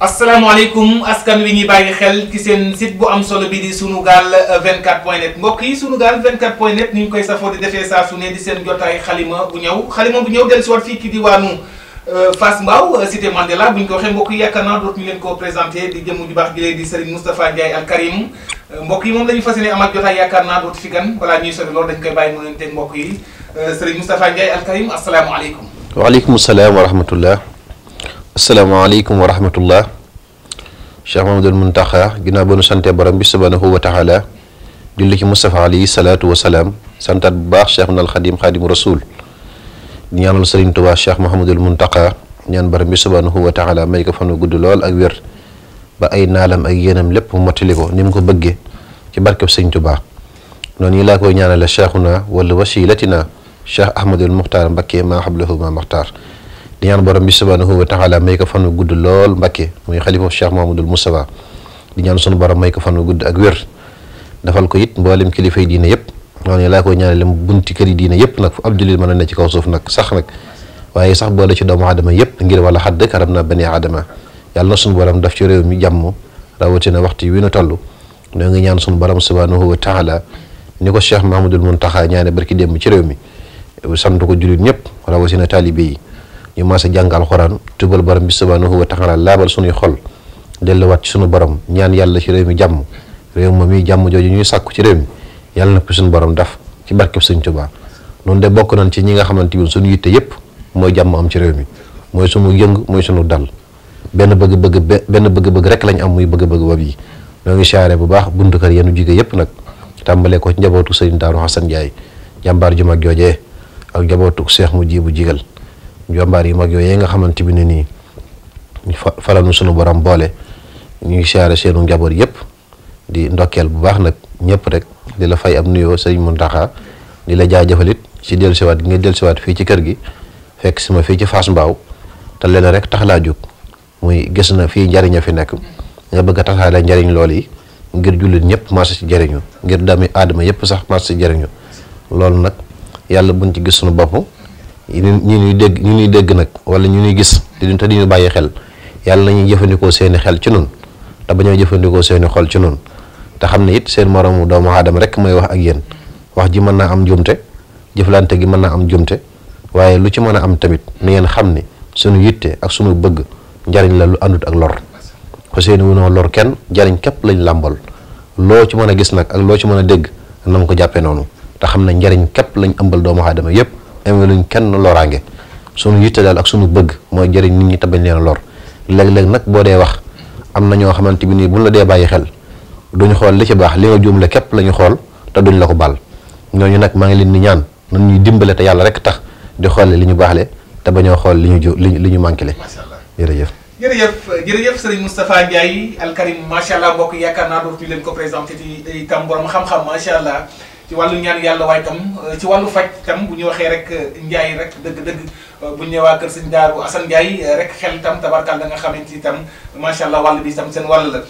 asalaamaaleykum askan wi ñuy bàyyi xel ci seen site bu am solo bi di sunugal 24 point net mbokk yi sunugal 24 point net ni ñu koy safoo di defee saa su ne di seen jotaay xalima bu ñëw xalima bu ñëw del si wat fii ci diwaanu euh, Fass Mbao cité Mandela bu ñu ko waxee mbokk yi yaakaar naa dootuñu leen koo présenté di jëmm ju baax di Serigne Moustapha Ndiaye Al euh, mbokk yi moom la ñu fas yéene amal jotaay yaakaar naa dootu fi gan balaa ñuy sori loolu dañ koy bàyyi mu leen teg mbokk yi euh, Serigne Moustapha Ndiaye Al Karim asalaamaaleykum. wa rahmatullah asalaamaaleykum wa rahmatullah Cheikh Mamadul Muntaxa ginnaaw ba nu sante borom bi subhanahu wa taala julli ci Moustapha alayhi salaatu wa salaam santaat bu baax Cheikh Nal Xadim Xadim Rasul di ñaanal Sëriñ Tuubaa Cheikh Mahamadul Muntaxa ñaan borom bi subhanahu wa taala may ko fan gudd lool ak wér ba ay naalam ak yéenam lépp mu mottali ko ni mu ko bëggee ci barkeb Sëriñ Tuubaa noonu yi laa koy ñaanale Cheikhuna wala wasilatina Cheikh Ahmadul Muxtaar Mbakke maa xablahu maa maxtaar di ñaan borom bi subhanahu wa taala may ko fan wu gudd lool Mbàkke muy xalifa Cheikh Mahamadul Moustapha di ñaan sunu may ko fan wu gudd ak wér dafal ko it mboolem kilifay diine yëpp noonu laa koy ñaanale bunti kër yi diine yëpp nag fu ab a ne ci kaw suuf nag sax nag waaye sax boole ci doomu aadama yëpp ngir wala xadd karam na bani aadama yàlla na sunu borom daf ci réew mi jàmm rawatina waxtu wi nu toll ñoo ngi ñaan sunu borom subhanahu wa taala ni ko Cheikh Mahamadul Muntaxa ñaane barki démb ci réew mi sant ko jullit ñëpp rawatina taalibe yi ñu mas a jàng alxuraan tubal borom bi subhanahu wa taala laabal sunuy xol delluwaat ci sunu borom ñaan yàlla ci réew mi jàmm réew ma mi jàmm jooju ñuy sàkku ci réew yàlla na suñu borom daf ci barkeb sëñ Tuubaa noonu de bokk nañ ci ñi nga xamante ni suñu yitte yëpp mooy jàmm am ci réew mi mooy sunu yëng mooy sunu dal benn bëgg-bëgg benn bëgg-bëgg rek lañ am muy bëgg-bëgg wab yi ñoo ngi siyaare bu baax buntu kër yenu jige yëpp nag tàmbalee ko ci njabootu sëriñ Daaru Xasan Njaay jàmbaar ju mag joojee ak njabootu seex mu jiibu jigal jombaar yu mag yooyu nga xamante bi ne nii falal nu sunu borom boole ñu siyaare seenu njaboot yëpp di ndokkeel bu baax nag ñëpp rek di la fay ab nuyoo sëriñ Muntaxa di la jaajëfalit ci dellusiwaat gi nga dellusiwaat fii ci kër gi fekk si ma fii ci Fass Mbao te leneen rek tax laa jóg muy gis na fii njariñ a fi nekk nga bëgg a tasaale njariñ lool yi ngir jullit ñëpp mas ci jariñu ngir dami aadama yëpp sax mas ci jariñu loolu nag yàlla buñ ci gis sunu bopp ñu ñuy dégg ñu ñuy dégg nag wala ñu ñuy gis te di ñu bàyyi xel yàlla nañuy jëfandikoo seeni xel ci noonu te bañoo jëfandikoo seeni xol ci noonu te xam ne it seen moromu doomu aadama rek mooy wax ak yéen wax ji mën naa am jumte jëflante gi mën naa am jumte waaye lu ci mën a am tamit na ngeen xam ne suñu yitte ak suñu bëgg njariñ la lu àndut ak lor xoseen noo lor kenn jariñ képp lañ làmbal loo ci mën a gis nag ak loo ci mën a dégg na ko jàppee noonu te xam ne njariñ képp lañ ëmbal doomu aadama yépp amaluñ kenn loraange sunu yitte daal ak sunu bëgg mooy jëriñ nit ñi bañ leen lor léeg-léeg nag boo dee wax am na ñoo xamante bi nii buñ la dee bàyyi xel duñ xool li ci baax li nga juumle képp la ñu xool te duñ la ko bal ñooñu nag maa ngi leen di ñaan nan ñuy dimbale te yàlla rek tax di xoole li ñu baax le te ba bañoo xool li ñu ju li ñu manqué le jërëjëf jërëjëf jërëjëf sëriñ Moustapha Ndiaye Al allah mbokk yaakaar naa dootuñu leen ko présenté ci itam borom ci wàllu ñaan yàlla waaye tam euh, ci wàllu faj tam bu ñu waxee rek euh, Ndiaye rek dëgg-dëgg euh, bu ñu nee waa kër sëñ Daaru Assane Ndiaye rek xel tam tabarkal da nga xamante ni tam macha allah wàll bi tam seen wàll la.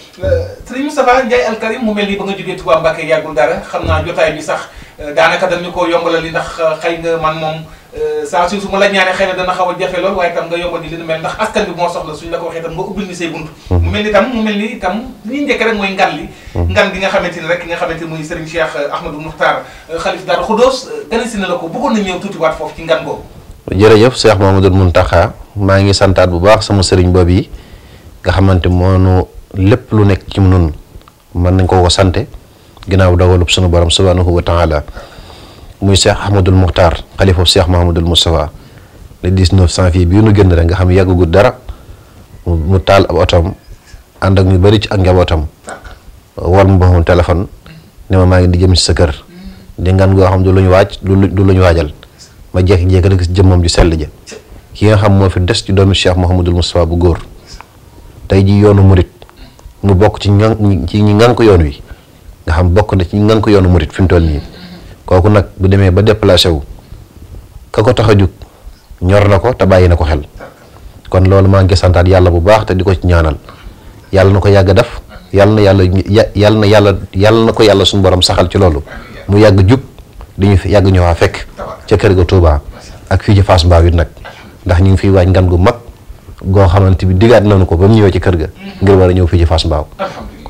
sëriñ Moustapha Ndiaye Al Karim mu mel ni ba nga jógee Touba Mbacké yàggul dara xam naa jotaay bi sax daanaka dañu ko yombalal li ndax xëy nga man moom. Euh, saa suy su ma la ñaanee xëy dana xaw a jafe lool waaye tam nga yombal ni li mel ndax askan bi moo soxla suñ la ko waxee tam nga ubbil ni say bunt mhm. mu mel ni tam mu mel ni itam li mhm. ki nga xamante ni muy Serigne Cheikh euh, Ahmadou Moukhtar xalif Daaru Xudoos maa ngi santaat bu baax sama sëriñ boobu yi nga xamante moonu lépp lu nekk ci nun mën nañ koo ko sante ginnaaw dogalub sunu borom subhanahu wa taala muy Cheikh Ahmadul Muxtaar xalifa Cheikh Mahamadul Moustapha di 19 janvier bii nu génn rek nga xam yàggagul dara mu taal ab otoom ànd ak ñu bari ci ak njabootam wal ma boppam téléphone ne ma maa ngi di jëm si sa kër di ngan goo xam du lu ñu waaj du lu ñu waajal ma jékki-jékki rek gis jëmmam ju sell ja ki nga xam moo fi des ci doomi Cheikh Mahamadul Moustapha bu góor tey ji yoonu murit mu bokk ci ñan ci ñi ngan ko yoon wi nga xam bokk na ci ñi ngan ko yoonu murit fi mu toll nii kooku nag bu demee ba déplacé wu ka ko tax a jug ñor na ko te bàyyi na ko xel kon loolu maa ngi santaat yàlla bu baax te di ko ñaanal yàlla na ko yàgg def yàlla na yàlla yàlla na yàlla yàlla na ko yàlla suñu borom saxal ci loolu mu yàgg jug di ñu fi yàgg ñëwaa fekk ca kër ga Touba ak fii ci Fass Mbao it nag ndax ñu ngi fiy waaj ngan gu mag goo xamante bi digaat nañu ko ba mu ñëwee ci kër ga ngir war a ñëw fii ci Fass Mbao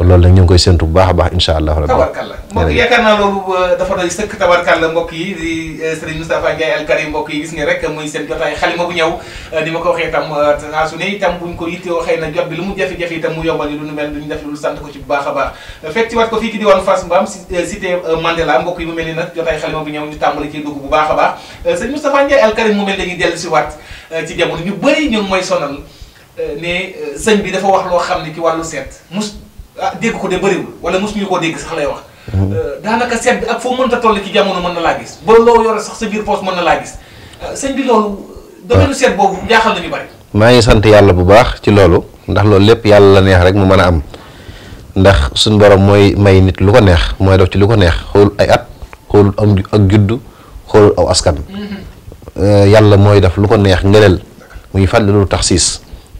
loolu nag ñu ngi koy séntu bu baax a baax incha allah. rabbi tabarkalla mbokk yaakaar naa loolu euh, dafa doy sëkk tabarkalla mbokk yi di euh, Serigne Moustapha Ndiaye Al Karim mbokk yi gis nga rek muy bu ñëw ni euh, ma ko waxee itam saa su ne itam buñ ko mu jafe-jafe itam mu yombal ni lu nu mel duñu def lu sant ko ci bu a baax fekk ci wat ko fii ci diwaan Fass nag jotaay xalima bu ñëw ñu tàmbali ci dugg bu baax a baax Serigne Moustapha Ndiaye Al mu mel dañuy dellu si waat ci jamono ñu bëri ñu mooy sonal ne sëñ bi dafa wax loo xam ne ci wàllu seet mus ah dégg ko de bëriwul wala mosuñu koo dégg sax lay wax. Euh, daanaka seet bi ak foo mënta toll ci jamono mën na laa gis ba sax sa biir poos mën na laa gis euh, sëñ bi loolu. domaine seet boobu jaaxal nañu bari. maa ngi sant yàlla bu baax ci loolu ndax loolu lépp yàlla la neex rek mu mën a am ndax suñu borom mooy may nit lu ko neex mooy def ci lu ko neex xool ay at xool ak juddu xool aw askan. Mm-hmm. Euh, yàlla mooy def lu ko neex ngëneel muy fàttali lu tax siis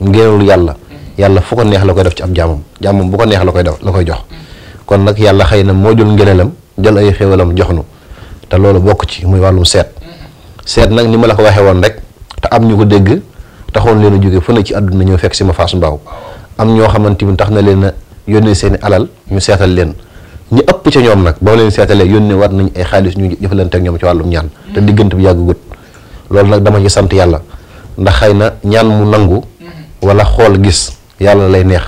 ngëneelu yàlla. yàlla fu ko neex la koy def ci ab jaamam jàmmam bu ko neex la koy def la koy jox kon nag yàlla xëy na moo jël ngëneelam jël ay xéwalam jox nu te loolu bokk ci muy wàllum seet seet nag ni ma la ko waxee woon rek te am ñu ko dégg taxoon leen a jóge fu ne ci àdduna ñëw fekk si ma faas mbaaw am ñoo xamante ni tax na leen a yónnee seeni alal ñu seetal leen ñu ëpp ca ñoom nag ba ma leen seetalee yónnee war nañ ay xaalis ñu jëfalante ak ñoom ci wàllum ñaan te diggante bi yàgg gut loolu nag dama sant yàlla ndax xëy na ñaan mu nangu wala xool gis yàlla lay neex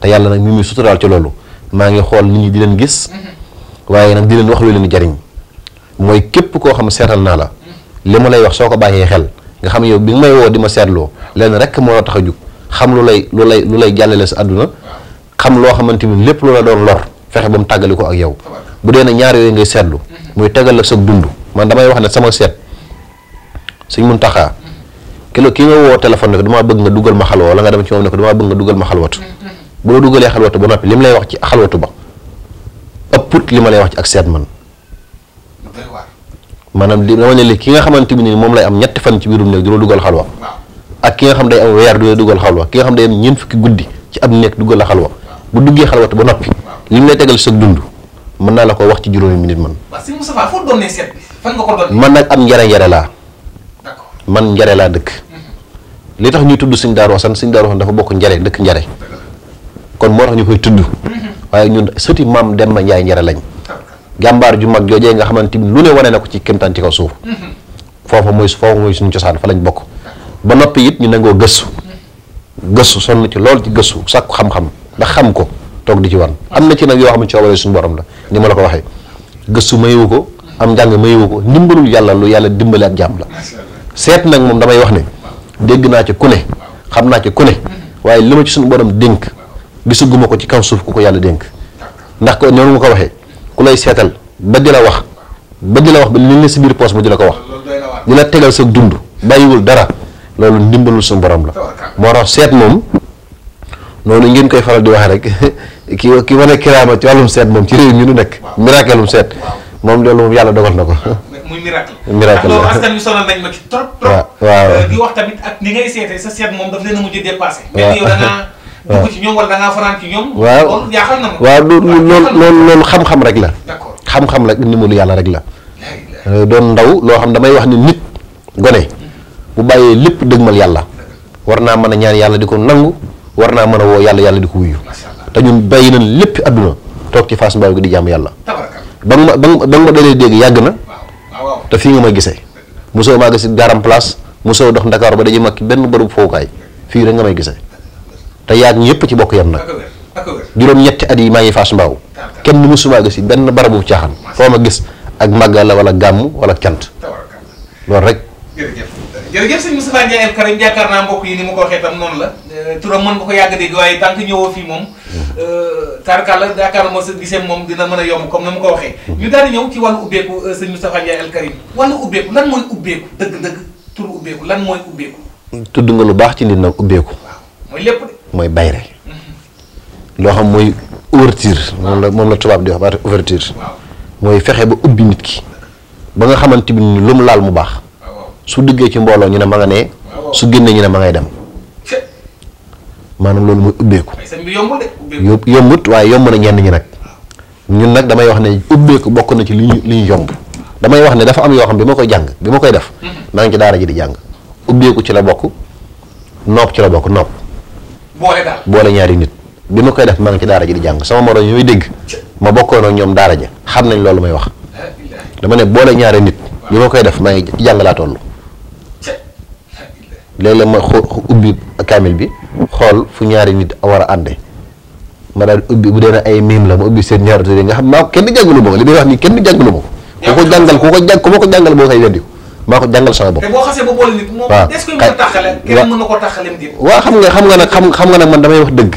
te yàlla nag mi muy suturaal ci loolu maa ngi xool nit ñi di leen gis waaye nag di leen wax lu leen jariñ mooy képp koo xam seetal naa la li ma lay wax soo ko bàyyee xel nga xam yow bi nga may woo di ma seetloo leen rek moo la tax a jug xam lu lay lu lay lu lay jàllale sa àdduna xam loo xamante ni lépp lu la doon lor fexe ba mu tàggale ko ak yow bu dee ne ñaar yooyu ngay seetlu muy tegal la sa dund man damay wax ne sama seet suñ mun taxaa kilo kii nga woo téléphone ne ko damaa bëgg nga dugal ma xalwa wala nga dem ci moom ne ko damaa bëgg nga dugal ma xalwatu bu ba noppi li mu lay wax ci xalwatu ba ëpput li ma lay wax ci ak seet man maanaam li dama ne ki nga xamante bi ni moom lay am ñetti fan ci biirum néeg du la dugal ak ki nga xam day weer du dugal xalwa ki nga xam fukki guddi ci ab néeg dugal la xalwa bu duggee xalwatu ba noppi li mu lay tegal sa dund mën naa la ko wax ci juróomi minute man. waaw sëñ Moustapha foo bi fan nga man nag am njare njare laa. man njare laa dëkk. li tax ñuy tudd sëñ Daaru Asan sëñ Daaru Asan dafa bokk njare dëkk njare kon moo tax ñu koy tudd waaye ñun sëti maam dem ma Njaay njare lañ gàmbaar ju mag joojee nga xamante ni lu ne wane na ko ci kémtaan ci kaw suuf foofu mooy foofa mooy suñu cosaan fa lañ bokk ba noppi it ñu nangoo gëstu gëstu sonn ci lool ci gëstu sàkku xam-xam ndax xam ko toog di ci wan am na ci nag yoo xam ne coobare suñu borom la ni ma la ko waxee gëstu mayewu ko am njàng mayewu ko ndimbalul yàlla lu yàlla dimbale ak jàmm la seet nag moom damay wax ne dégg naa ci ku ne xam naa ci ku ne waaye li ma ci suñu borom dénk gisaguma ko ci kaw suuf ku ko yàlla dénk ndax ko noonu ma ko waxee ku lay seetal ba di la wax ba di la wax ba li la si biir poos mu di la ko wax di la tegal sa dund bàyyiwul dara loolu ndimbalul suñu borom la moo tax seet moom noonu ngeen koy faral di wax rek ki ki wane kiraama ci wàllum seet moom ci réew mi ñu nekk miracle um seet moom loolu moom yàlla dogal na ko waaw euh, di wax tamit ak ni waaw yow da xam-xam rek la. d'accord xam-xam rek ndimbalu yàlla rek la. Euh, doon ndaw loo xam damay wax ni nit gone bu bàyyee lépp dëgmal yàlla war naa mën a ñaan yàlla di ko nangu war naa mën a woo yàlla yàlla di ko wuyu te ñun bàyyi nañ lépp àdduna toog ci Fass Mbaye gi di jàmm yàlla ba nga ma ba nga ma dalee dégg yàgg na te fii nga ma gisee mosoo maa gis garam place mosoo dox Ndakaaru ba dañu mag benn barabu fowukaay fii rek nga may gisee te yaag ñëpp ci bokk yam nag juróom-ñetti at yi maa ngi faas mbaaw kenn ni mosumaa si benn barabu caaxaan foo ma gis ak màggal la wala gàmm wala cant loolu rek jërëjëf sëñ Moustapha Ndiaye Kariñ jàkkaar naa mbokk yi ni ma ko waxee tam noonu la euh, turam mën nga ko yàgg dégg waaye tant ñëwoo fii moom mm-hmm. euh, tarkalla yaakaar moo sa gisee moom dina mën a yomb comme na ma ko waxee mm-hmm. ñu daal ñëw ci wàllu ubbeeku euh, sa Moustapha Ndiaye El Karim ubbeeku lan mooy ubbeeku dëgg-dëgg turu ubbeeku lan mooy ubbeeku tudd nga lu baax ci nit nag ubbeeku mooy lépp de mooy bayre mm-hmm. loo xam mooy ouverture moom la moom la tubaab di wax baat ouverture mooy fexe ba ubbi ki ba nga xamante bi lu mu laal mu baax su diggee ci mbooloo ñu ne ma nga ne su génnee ñu ne ma ngay dem maanaam loolu muy ubbeeku yombut waaye yomb na ñenn ñi nag ñun nag damay wax ne ubbeeku bokk na ci li ñu li yomb damay wax ne dafa am yoo xam bi ma koy jàng bi koy def mhm. maa ngi ci daara ji di jàng ubbeeku ci la bokk nopp ci la bokk nopp boole ñaari nit bi ma koy def maa ngi ci di jàng sama moroom ñooy dégg ma bokkoon ak ñoom daara ja xam nañ loolu may wax dama ne boole ñaari nit bi ma koy def maa ngi jàng laa toll léeg-léeg ma xo ubbi kaamil bi xool fu ñaari nit war a ànde ma daal ubbi bu dee ne ay miim la ma ubbi seen ñaari tuddee nga xam maa ko kenn jàngalu ma ko li may wax nii kenn jàngalu ma ko. ku ko jàngal ku ko jàng ku ma ko jàngal boo koy weddi ko maa ko jàngal sama bopp. te boo xasee ba boole nit moom est ce que mën a taxale kenn mën na ko taxaleem di. waaw xam nga xam nga nag xam xam nga nag man damay wax dëgg.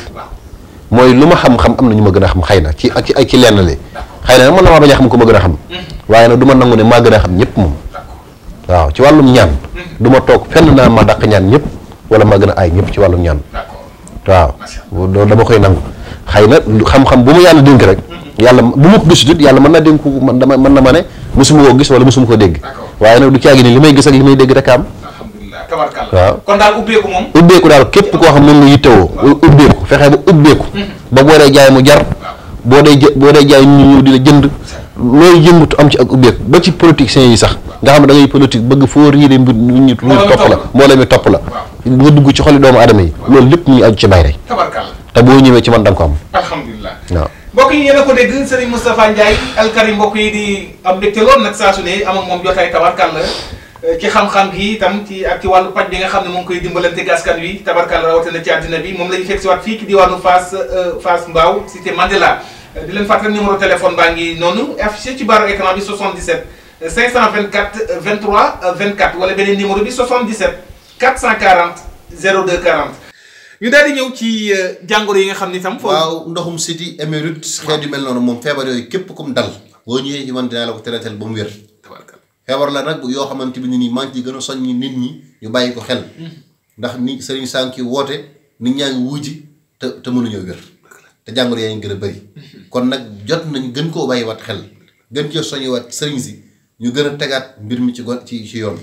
mooy lu ma xam-xam am na ñu ma gën a xam xëy na ci ci ci lenn li. xëy na nag mën na maa bañ a xam ku ma gën a xam. Mhm. waaye nag du ma nangu ne maa gën a xam ñëpp moom waaw ci wàllum ñaan mm-hmm. du ma toog fenn naa ma dàq ñaan ñëpp wala ma gën a ay ñëpp ci wàllum ñaan waaw loolu dama koy nangu xëy na xam-xam bu mu yàlla dénk rek mm-hmm. yàlla bu ma ko gisut yàlla mën na dénk man dama mën na ma ne mosuma koo gis wala mosuma koo dégg waaye nag du caagi ni li may gis ak li may dégg rek am waaw daal ubbeeku moom ubbeeku daal képp koo xam moom la yittewoo ubbeeku fexe ba ubbeeku mm-hmm. ba boo dee jaay mu jar boo dee boo dee jaay ñu ñëw di la jënd looy yëngatu am ci ak ubbeeku ba ci politiciens yi sax nga xam ne da ngay politique bëgg foo riire mbir ñu topp la mbooloo mi topp la nga dugg ci xoli doomu aadama yi loolu lépp mu ngi aju ci bay ci man da nga ko am alhamdulilah waaw mbokk yi yéen a ko dégg Serigne Moustapha Ndiaye alkarim mbokk yi di am mbégte lool nag saa su ne am ak moom jotaay tabarkàlla euh, ci xam-xam gi itam ci ak ci wàllu paj bi nga xam ne ci àddina bi moom la ñu fekk si waat fii ci diwaanu Fass euh, Fass Mbao cité Mandela di leen fàttali numéro téléphone baa ngi noonu affiché ci baaru écran bi 77 524 23 24 wala beneen numéro bi 77 440 02 40. ñu daal di ñëw ci euh, jàngoro yi nga xam ni tam. foofu waaw ndoxum siti émérite xeet yu mel noonu moom feebar yooyu képp kum dal. boo ñëwee ci man dinaa la ko traité ba mu wér. feebar la nag yoo xamante ni nii maa ngi ciy gën a soññi nit ñi ñu bàyyi ko xel. Mm-hmm. ndax ni Serigne Sànki woote nit ñaa ngi wuuji te te mënuñoo wér. te jàngoro yaa ngi gën a bëri mhm. kon nag jot nañ gën koo bàyyiwaat xel gën cee soññiwaat sëriñ si ñu gën a tegaat mbir mi ci gon ci ci yoon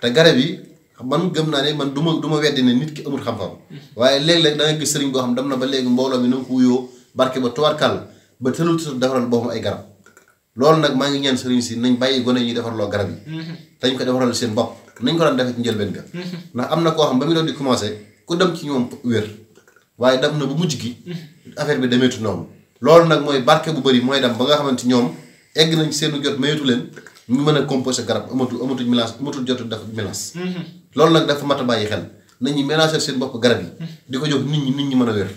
te garab yi man gëm naa ne man du ma du ma weddi ne nit ki amul xam-xam mhm. waaye léeg-léeg da nga gis sëriñ boo xam dem na ba léegi mbooloo mi na nga ko wuyoo barke ba tubaarkàll ba tëlul sa defaral boppam ay garab loolu nag maa ngi ñaan sëriñ si nañ bàyyi gone ñuy defarloo garab yi dañ mhm. ko defaral seen bopp nañ ko daan defee ci njëlbeen ga ndax am waaye dem na bu mujj ki affaire bi demeetu noonu loolu nag mooy barke bu bëri mooy dem ba nga xamante ñoom egg nañ seen jot mayetu leen ñu mën a composé garab amatu amatuñ mélange amatul jotu def mm-hmm. loolu nag dafa mat bàyyi xel nañu mélanger seen bopp garab yi di ko jox nit ñi nit ñi mën a wér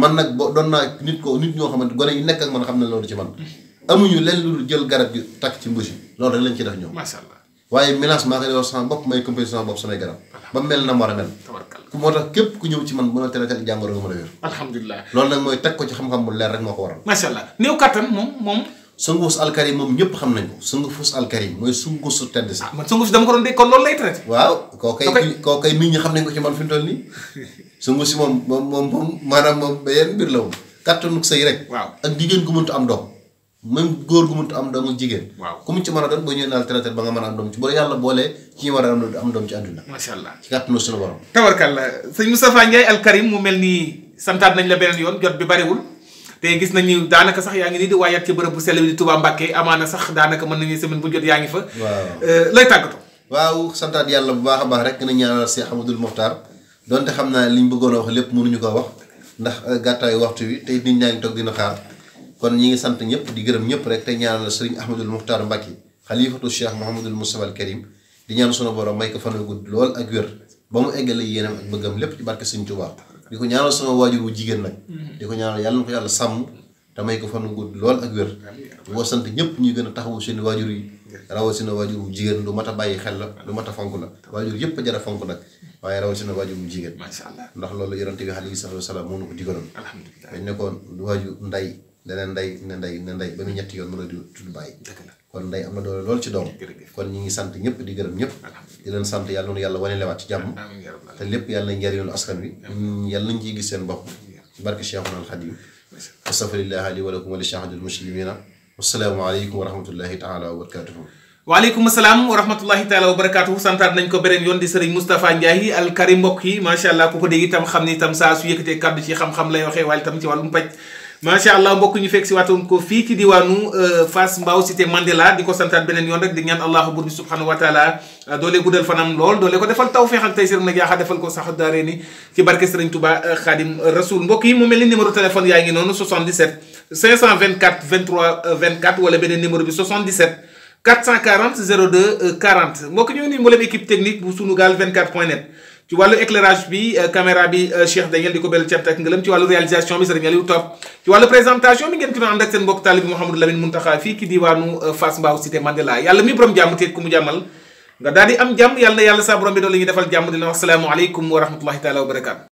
man nag boo doon naa nit ko nit ñoo xamante gone yi nekk ak man xam ne loolu ci man mm-hmm. amuñu leen jël garab gi takk ci mbuus yi loolu rek lañ ci def ñoom macha waaye mélange maa koy defar sama bopp may compétition sama bopp samay garab ba mel na mu war a mel ku moo tax képp ku ñëw ci man a teel a teel jàngoro nga mën a wér alhamdulilah moo ko waral macha allah néew kattan moom moom moom xam nañ su tedd si ah, man sunguf si dama ko doon dégg xam nañ ko ci man fi mu toll si moom moom moom moom maanaam moom beneen mbir la moom kattanu sëy rek waaw ak jigéen gu mëntu am doom même góor gu mënut am doomu jigéen. waaw ku mu ci mën a doon ba ñëwee naal traité ba nga mën a am doom ci ba yàlla boole ci a am doom ci àdduna. macha allah ci kàttanu mu mel nii santaat nañ la beneen yoon jot bi bariwul te gis nañu daanaka sax yaa ngi nii di waayat ci bërëb bu sell bi di Touba Mbacké amaana sax daanaka mën nañu semaine bu jot yaa ngi fa. waaw euh, lay tàggatoo. waaw santaat yàlla bu baax a baax rek na ñaanal Cheikh Ahmadoul Mokhtar donte xam naa li ñu a wax lépp mënuñu koo wax ndax euh, gàttaayu waxtu wi tey nit ñaa ngi toog dina xaar kon ñi ngi sant ñëpp di gërëm ñëpp rek te ñaanal sëriñ ahmadul muxtaar mbàkki xalifatu cheikh mohamadul moustapha al karim di ñaan sunu borom may ko fan wu gudd lool ak wér ba mu eggale yéenam ak bëggam lépp ci barke sëriñ Tuubaa di ko ñaanal sama waajur wu jigéen nag mhm. di ko ñaanal yàlla na ko yàlla sàmm te may ko fan gudd lool ak wér boo sant ñëpp ñuy gën a taxawu seen waajur yi rawatina waajur wu jigéen lu mat a bàyyi xel la lu mat a fonk la waajur yëpp jar fonk nag waaye rawatina waajur wu jigéen ndax loolu yonent bi alayhi salaatu wa salaam moo nu ko digaloon dañ ne ko waajur nday leneen nday ne nday ne nday ba nu ñetti yoon mën a di tudd bàyyi kon nday am na doole lool ci doom kon ñi ngi sant ñëpp di gërëm ñëpp di leen sant yàlla noonu yàlla wane lewaat ci jàmm te lépp yàlla njariñul mm, seen bopp barke Cheikhuna al Khadim astafirullah li wa lakum wa li shahadil muslimina wasalaamu aleykum wa rahmatullahi wa barakatuhu waaleykum asalaam wa rahmatullahi wa barakatuhu santaat nañ ko beneen yoon di sëriñ Moustapha Ndiaye alkarim mbokk yi macha allah ku ko dégg itam xam ni itam saa su yëkkatee kàddu ci xam-xam lay waxee waaye macha allah mbokk ñu fekk si waatoon ko fii ci diwaanu euh, Fass Mbao cité Mandela di ko santaat beneen yoon rek di ñaan allahu bur bi subhanahu euh, doole guddal fanam lool doole ko defal tawfeex ak taysiir nag yaaxaa defal ko sax daare ni ci barke Sëriñ Tuubaa euh, Xaadim Rasuul mbokk yi mu mel ni numéro téléphone yaa ngi noonu 77 524 23 24 wala beneen numéro bi 77 440 02 40 mbokk ñu ngi nii mboolem équipe technique bu Sunugal ci wàllu éclairage bi euh, caméra bi euh, Cheikh da ngeen di ko bel cant ak ngërëm ci wàllu réalisation bi Serigne Aliou Top ci wàllu présentation bi ngeen ci doon ànd ak seen mbokk taalib Mouhamadou Lamine Mountakha fii ki diwaanu euh, Fass Mbao cité Mandela yàlla mi borom jàmm teet ku mu jàmmal nga daal di am jàmm yàlla na borom bi doon la ñuy defal jàmm dina wax salaamu aleykum wa rahmatullahi wa barakaatu